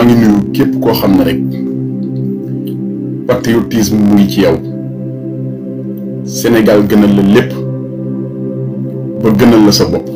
maa ngi nuyu képp koo xam ne rek patriotisme mu ngi ci yow Sénégal gënal la lépp ba gënal la sa bopp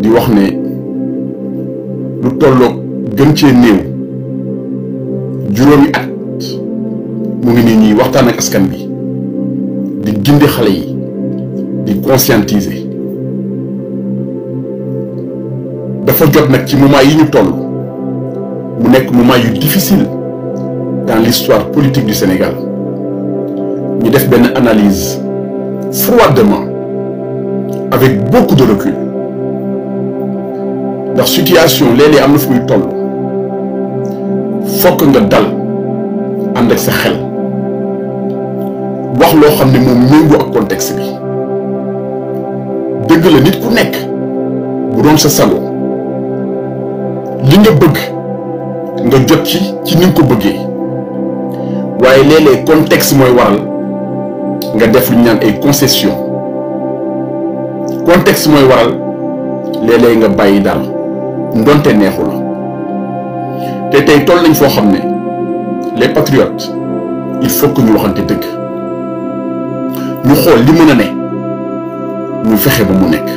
di wax ne lu tolloog gën cee néew juróomi at mu ngi nii ñuy waxtaan ak askan bi di gindi xale yi di conscientiser dafa nag ci moment yi ñu toll mu nekk moment yu difficile dans l'histoire politique du Sénégal ñu def benn analise froidement avec beaucoup de recul ndax situation léeg am na fu muy toll fokk nga dal ànd ak sa xel wax loo xam ne moom méngoo ak contexte bi dëgg la nit ku nekk bu doon sa sago li nga bëgg nga jot ci ci ni nga ko bëggee waaye léeg contexte mooy waral nga def lu ñu naan ay concession contexte mooy waral léeg nga bàyyi daal ndonte neexul te tey toll nañ foo xam ne les patriotes il faut que ñu waxante dëgg ñu xool li mën a ne ñu fexe ba mu nekk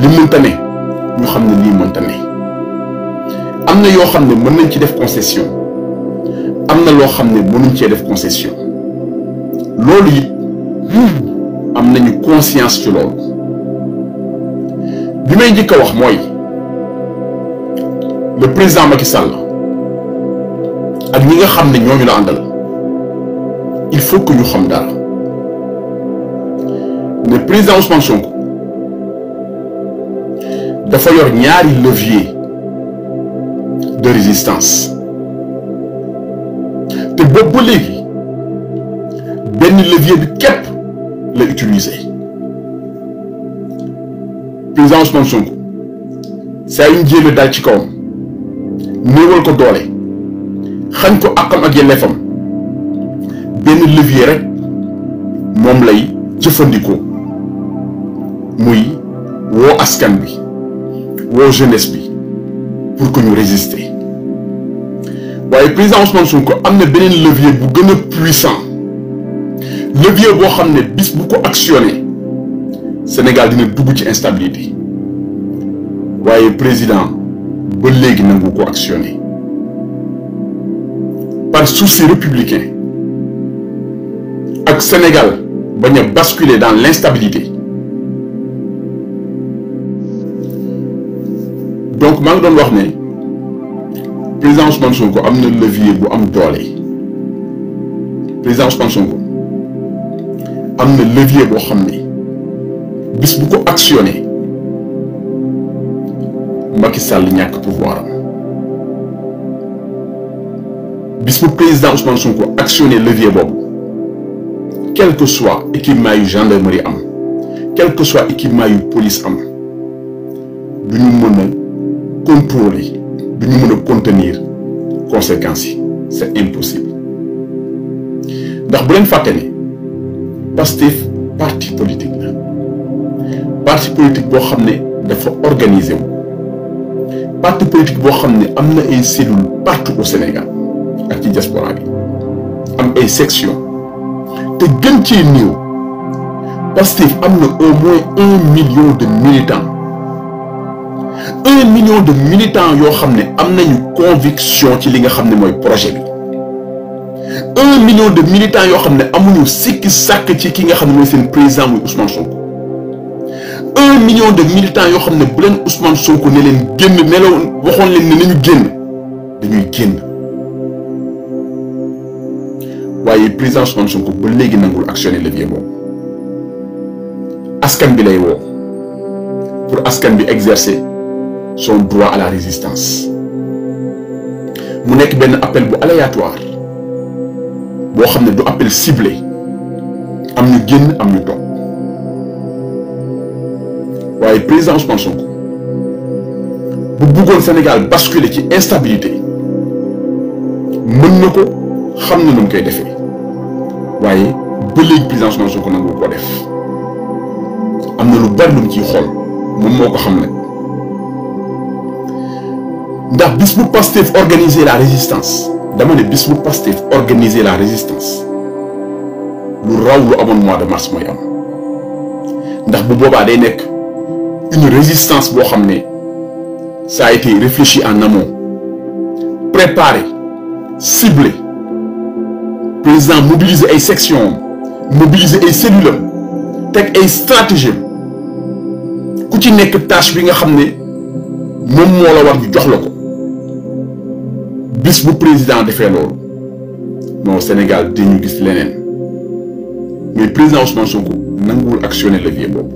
li mënta ne ñu xam ne lii mënta ne am na yoo xam ne mën nañ ci def concession am na loo xam ne mënuñ cee def concession loolu it hmm, am nañu conscience ci loolu bi may njëkk a wax mooy le président Macky Sall ak ñi nga xam ne ñooñu la àndal il faut que ñu xam dara le président Ousmane Sonko dafa yor ñaari levier de te boobu léegi benn levier bi képp la utiliser président Ousmane Sonko saa yu ñu daal ci kawam néewal ko doole xañ ko àqam ak yelleefam benn levier rek moom lay jëfandikoo muy woo askan bi woo jeunesse bi pour que ñu résister. waaye président Ousmane ko am na beneen levier bu gën a puissant levier boo xam ne bis bu ko actionné Sénégal dina dugg ci instabilité waaye président ba léegi nangu ko actionné par souci républicain ak Sénégal bañ a basculer dans l'instabilité donc maa ngi doon wax ne. président Ousmane Sonko am na levier bu am doole président Ousmane Sonko am na levier boo xam ne bis bu ko actionné Macky Sall ñàkk pouvoir am bis bu président Ousmane Sonko actionné levier boobu quel que soit équipement yu gendarmerie am quel que soit équipement yu police am du ñu mën a contrôler. conséquences yi c'est impossible ndax bu leen fàtte ni Pastef parti politique la parti politique boo xam ne dafa organisé wu parti politique boo xam ne am na ay cellules partout au Sénégal ak ci diaspora bi am ay sections te gën cee néew Pastef am na au moins un million de militants un million de militants yoo xam ne am nañu conviction ci li nga xam ne mooy projet bi un million de militants yoo xam ne amuñu sikki sàkk ci ki nga xam ne mooy seen président muy Ousmane Sonko un million de militants yoo xam ne bu leen Ousmane Sonko ne leen génn ne la waxoon leen ne nañu génn dañuy génn waaye président Ousmane Sonko ba léegi nangul actionné levier boobu askan bi lay woo pour askan bi exercer son droit à la résistance mu nekk benn appel bu aléatoire boo xam ne du appel ciblé am ñu génn am ñu toog waaye président Ousmane Sonko bu bëggoon Sénégal basculer ci instabilité mën na ko xam na nu mu koy defee waaye ba léegi président Ousmane nangu koo def am na lu bari lu mu ciy xool moom moo ko xam ne ndax bis bu Pastef organiser la résistance dama ne bis bu Pastef organiser la résistance lu raw lu amoon mois de mars mooy am ndax bu boobaa day nekk une résistance boo xam ne ça a été réfléchi en amont préparé ciblé président mobiliser ay sections mobiliser ay cellules teg ay stratégie ku ci nekk tâche bi nga xam ne moom moo la war jox la ko bis bu président defee loolu non Sénégal dañu gis leneen mais président Ousmane Sonko nanguwul actionné levier boobu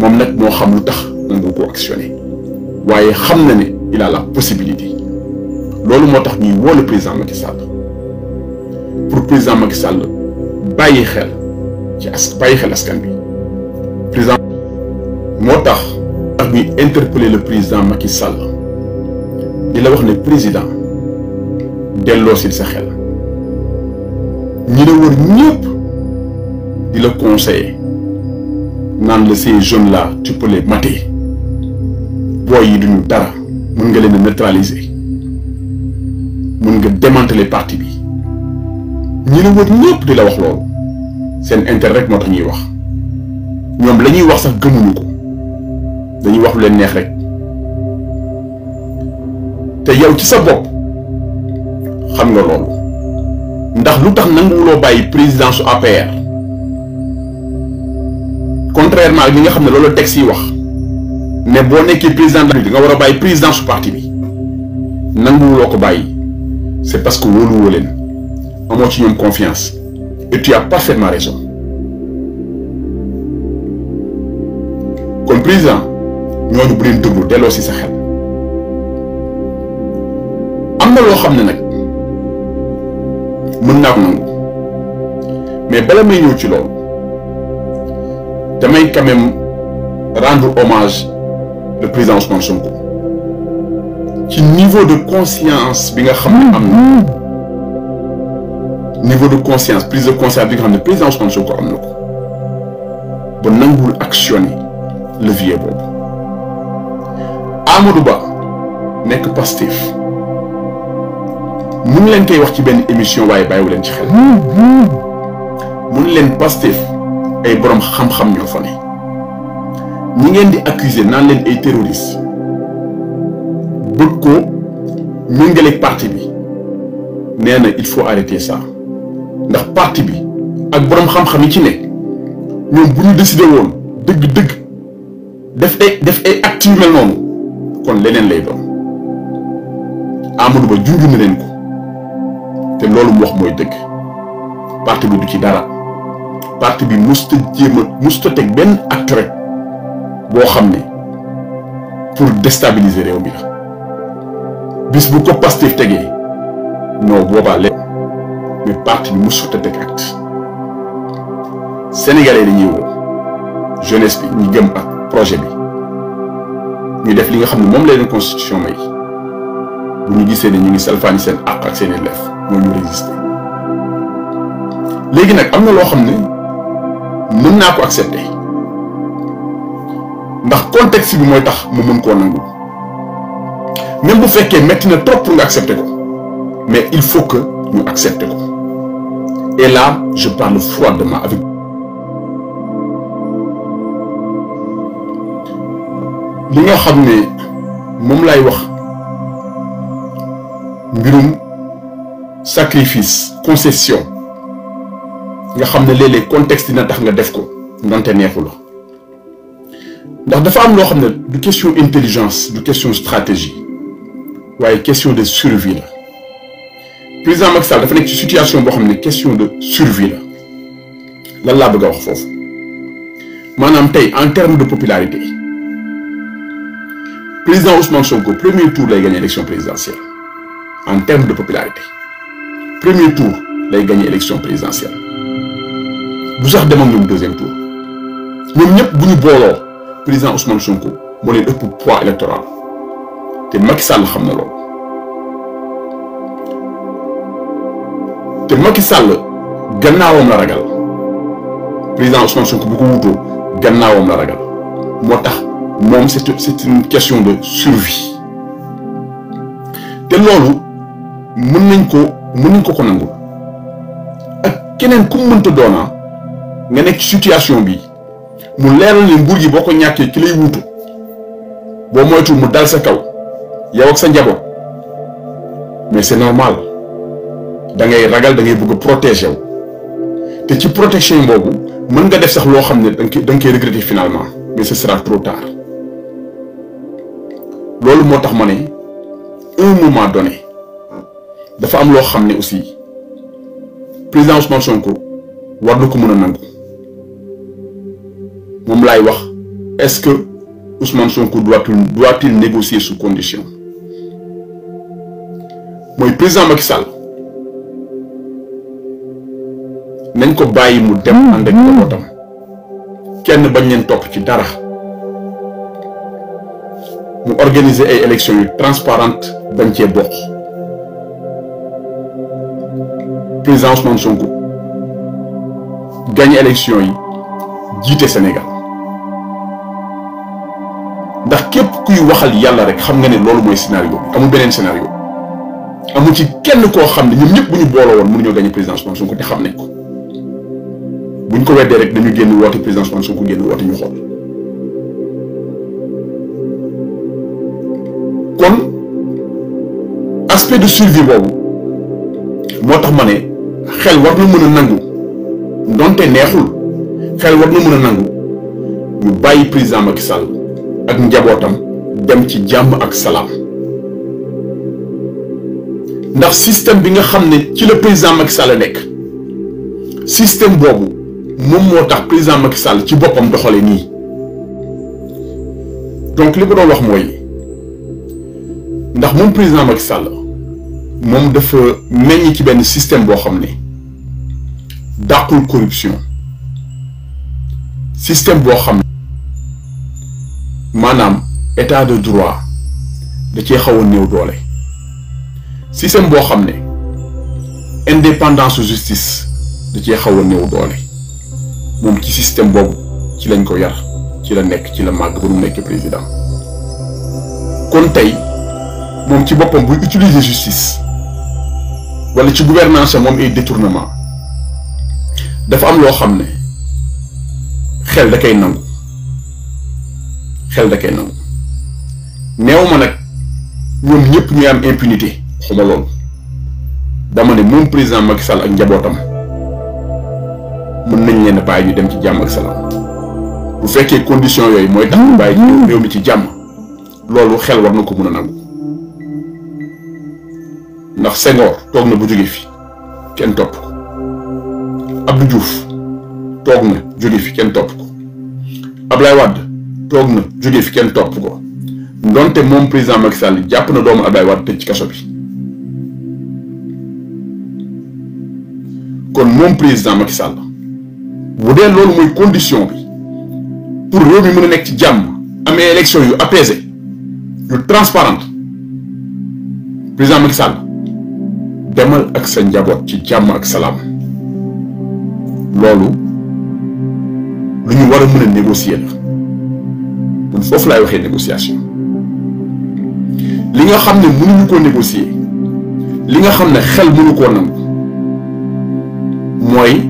moom nag moo xam lu tax nangu ko actionné waaye xam na ni il a la possibilité loolu moo tax ñuy woo le président Macky Sall pour président Macky Sall bàyyi xel ci as bàyyi xel askan bi moo tax tax ñuy interpeller le président Macky Sall di la wax ne président delloo sil sa xel ñi la wër ñëpp di la conseiller naan la ces jeunes là tu peux les mater booy yi duñu dara mën nga leen a neutraliser mën nga démanteler parti bi ñi la di la wax loolu seen intérêt rek moo tax ñuy wax ñoom la ñuy wax sax gëmuñu ko dañuy wax lu leen neex rek. te yow ci sa bopp xam nga loolu ndax lu tax nanguwuloo bàyyi présidence su APR contrairement ak li nga xam ne loolu texte yi wax ne boo nekkee président de la nga war a bàyyi présidence su parti bi nanguwuloo ko bàyyi c'est parce que wóoluwoo leen amoo ci ñoom confiance et tu as parfaitement raison kon président ñooñu bu leen déglu delloo sa xel. na loo xam ne nag mën naa ko nangu mais bala may ñëw ci loolu damay quand même rendre hommage le président Ousmane Sonko ci niveau de conscience bi nga xam ne am na niveau de conscience prise de conscience bi nga xam ne président Ousmane Sonko am na ko ba nangul actionner levier boobu Amadou Ba nekk Pastef mu ngi leen koy wax ci benn émission waaye bàyyiwu leen ci xel. mu ngi leen Pastef ay borom xam-xam ñoo fa ne ñi ngeen di accuser naa leen ay terroriste bëgg ko méngaleeg parti bi nee na il faut arrêter ça ndax parti bi ak boroom xam-xam yi ci ne ñoom bu ñu décidé woon dëgg-dëgg def ay def ay actes yu mel noonu kon leneen lay doon Amadou Ba ju na leen ko. te loolu mu wax mooy dëgg parti bi du ci dara parti bi musta jéem a musta teg benn acte rek boo xam ne pour déstabiliser réew mi la bis bu ko Pastef tegee non boobaa léegi mais parti bi musta teg acte sénégalais dañuy woo jeunesse bi ñu gëm ak projet bi ñu def li nga xam ne moom la leen constitution may bu ñu gisee ne ñu ngi salfaani seen àq ak seen i mooy ñu léegi nag am na loo xam ne mën naa ko accepter ndax contexte bi mooy tax mu mën koo nangu même bu fekkee metti na trop pour nga accepter ko mais il faut que ñu accepter ko et là je parle froidement avec li nga xam ne moom lay wax mbirum sacrifice concession nga xam ne léeg-léeg contexte dina tax nga def ko ndante neexu la ndax dafa am loo xam ne du question intelligence du question stratégie waaye question de survie la président Macky Sall dafa nekk ci situation boo xam ne question de survie la lan laa bëgg a wax foofu maanaam tey en terme de popularité président Ousmane Sonko premier tour lay gagné élection présidentielle en terme de popularité premier tour lay gagné élection présidentielle bu sax demoon ñoom deuxième tour ñoom ñëpp bu ñu booloo président Ousmane Sonko moo leen ëpp poids électoral te Macky sàll xam na loolu te Macky Sall gannaawam la ragal président Ousmane Sonko bu ko wutoo gannaawam la ragal moo tax moom c'est c'est une question de survie te loolu mën nañ ko. mënuñ ko ko nangul ak keneen ku mënta doonaa nga nekk situation bi mu leeral ne nguur gi boo ko ñàkkee ki lay wuutu boo moytu mu dal sa kaw yow ak sa njaboot mais c'est normal da ngay ragal da ngay bëgg a te ci protection boobu mën nga def sax loo xam ne da nga koy da nga koy regretter finalement mais ce sera trop tard loolu moo tax ma ne un moment donné. dafa am loo xam ne aussi président Ousmane Sonko war na ko mën a nangu moom laay wax est-ce que Ousmane Sonko doit-il doit-il négocier sous condition mooy président Macky Sall nañ ko bàyyi mu dem ànd ak njabootam kenn bañ leen topp ci dara mu organiser ay élections yu transparentes bañ cee bokk. président Ousmane Sonko gagné élection yi jiite Sénégal ndax képp kuy waxal yàlla rek xam nga ne loolu mooy scénario amul beneen scénario amul ci kenn koo xam ne ñoom ñëpp bu ñu booloo woon mënuñoo gagné président Ousmane Sonko te xam ne ko bu ñu ko weddee rek dañu génn woote président Ousmane Sonko génn woote ñu xool kon aspect de survie boobu moo tax ma ne. xel war na mën a nangu ndonte neexul xel war na mën a nangu ñu bàyyi président Macky Sall ak njabootam dem ci jàmm ak salaam ndax système bi nga xam ne ci la président Macky Sall nekk système boobu moom moo tax président Macky Sall ci boppam doxale nii donc li ko doon wax mooy ndax moom président Macky Sall moom dafa meññ ci benn système boo xam ne dàqul corruption système boo xam ne maanaam état de droit da cee xaw a néew doole système boo xam ne indépendance justice da cee xaw a néew doole moom ci système boobu ci lañ ko yar ci la nekk ci la màgg ba mu nekk président kon tey moom ci boppam buy utiliser justice wala ci gouvernance moom ay détournement dafa am loo xam ne xel da kay nangu xel da koy nangu neew ma nag ñoom ñëpp ñuy am impunité xuma loolu dama ne moom président Macky ak njabootam mën nañ leen bàyyi ñu dem ci jàmm ak salaam bu fekkee condition yooyu mooy tax ñu bàyyi ñu réew mi ci jàmm loolu xel war na ko mun a nangu ndax Senghor toog na bu jóge fi kenn topp ko Abdou Diouf toog na jóge fi kenn topp ko Ablaye Wade toog na jóge fi kenn topp ko ndonte moom président Macky Sall jàpp na doomu Ablaye Wade tëj ci kaso kon moom président Macky Sall bu dee loolu mooy condition bi pour réew mi mën a nekk ci jàmm amee élection yu apaisées yu transparente président Macky Sall demal ak sa njaboot ci jàmm ak salaam loolu lu ñu war a mën a négocier la man foofu laay waxee négociation li nga xam ne mënuñu koo négocier li nga xam ne xel mënu koo nangu mooy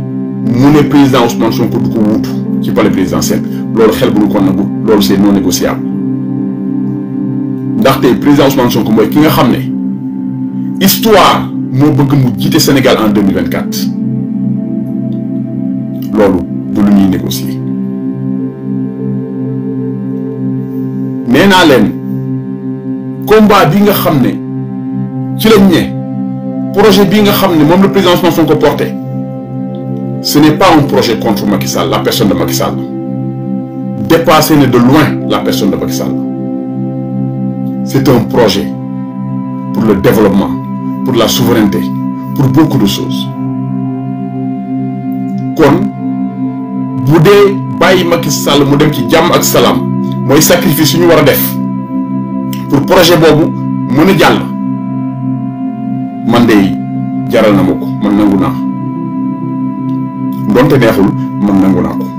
mu ne président Ousmane Sonko du ko wuutu ci palais présidentiel loolu xel mënu koo nangu loolu c'est non négociable ndaxte président Ousmane Sonko mooy ki nga xam ne histoire. moo bëgg mu jiite Sénégal en 2024 loolu du lu ñuy négocier nee naa combat bi nga xam ne ci lañ ne projet bi nga xam ne moom la président Ousmane Sonko porté ce n'est pas un projet contre Macky la personne de Macky Sall dépassé ne de loin la personne de Macky Sall c'est un projet pour le développement pour la souveraineté pour beaucoup de kon bu dee bàyyi Macky Sall mu dem ci jàmm ak salaam mooy sacrifice yu ñu war a def pour projet boobu mën a jàll man de jaral na ma ko man nangu naa donte neexul man nangu naa ko